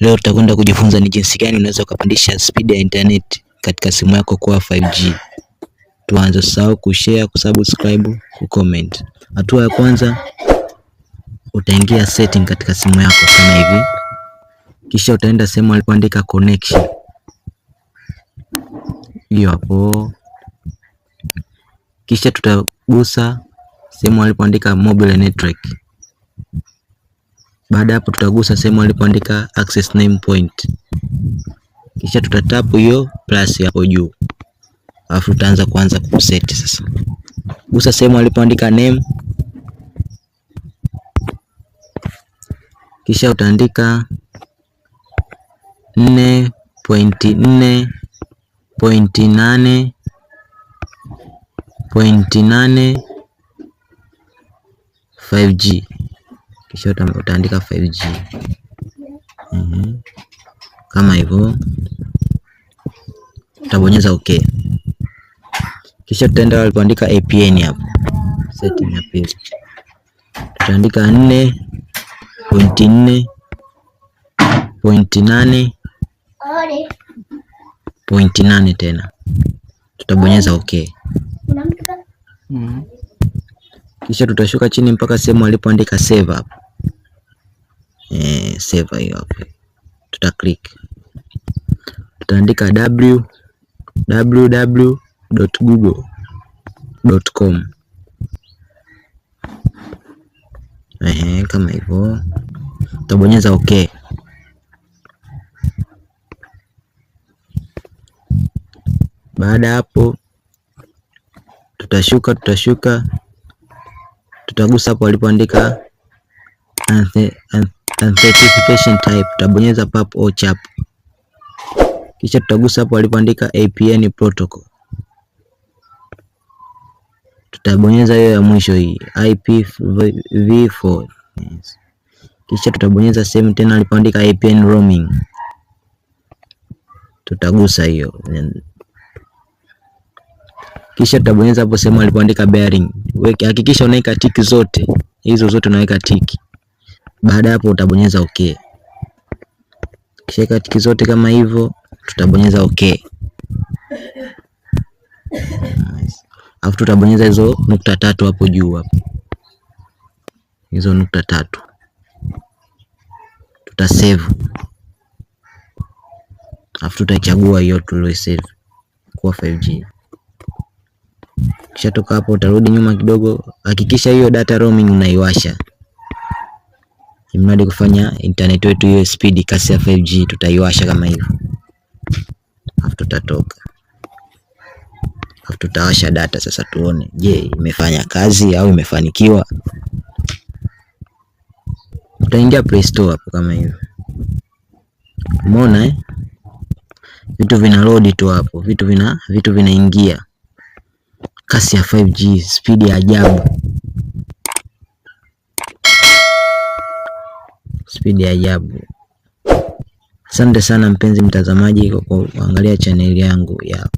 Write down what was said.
Leo tutakwenda kujifunza ni jinsi gani unaweza ukapandisha speed ya internet katika simu yako kwa 5G. Tuanze, usisahau kushare, kusubscribe, kucomment. Hatua ya kwanza utaingia setting katika simu yako kama hivi, kisha utaenda sehemu alipoandika connection, hiyo hapo. Kisha tutagusa sehemu alipoandika mobile network baada hapo, tutagusa sehemu alipoandika access name point, kisha tutatapu hiyo plus hapo juu, alafu tutaanza kuanza kuset sasa. Gusa sehemu alipoandika name, kisha utaandika nne pointi pointi pointi 5G kisha utaandika 5G -hmm. Kama hivyo utabonyeza OK kisha tutaenda walipoandika APN hapo, setting ya pili tutaandika nne pointi nne pointi nane pointi nane tena tutabonyeza OK mhm. Kisha tutashuka chini mpaka sehemu walipoandika save hapo nimesave hiyo hapo, tuta click, tutaandika www.google.com ehe, kama hivyo tutabonyeza okay. Baada hapo tutashuka tutashuka, tutagusa hapo walipoandika Authentication type tabonyeza PAP au CHAP, kisha tutagusa hapo alipoandika APN protocol, tutabonyeza hiyo ya mwisho hii IPv4 yes. Kisha tutabonyeza sehemu tena alipoandika APN roaming, tutagusa hiyo kisha tutabonyeza hapo sehemu alipoandika bearing. Hakikisha unaweka tiki zote hizo, zote unaweka tiki baada hapo utabonyeza okay. Kisha tiki zote kama hivyo tutabonyeza okay. Nice. Alafu tutabonyeza hizo nukta tatu hapo juu hapo. Hizo nukta tatu tutasave. Alafu tutachagua hiyo tuliosave kuwa 5G. Kisha toka hapo utarudi nyuma kidogo, hakikisha hiyo data roaming unaiwasha. Imradi kufanya internet wetu iwe speed, kasi ya 5G tutaiwasha kama hivyo, afu tutatoka, afu tutawasha data sasa, tuone je, imefanya kazi au imefanikiwa. Utaingia Play Store hapo kama hivyo, umeona eh? Vitu vina load tu hapo, vitu vina vitu vinaingia kasi ya 5G, speed ya ajabu. spidi ya ajabu. Asante sana mpenzi mtazamaji kwa kuangalia chaneli yangu ya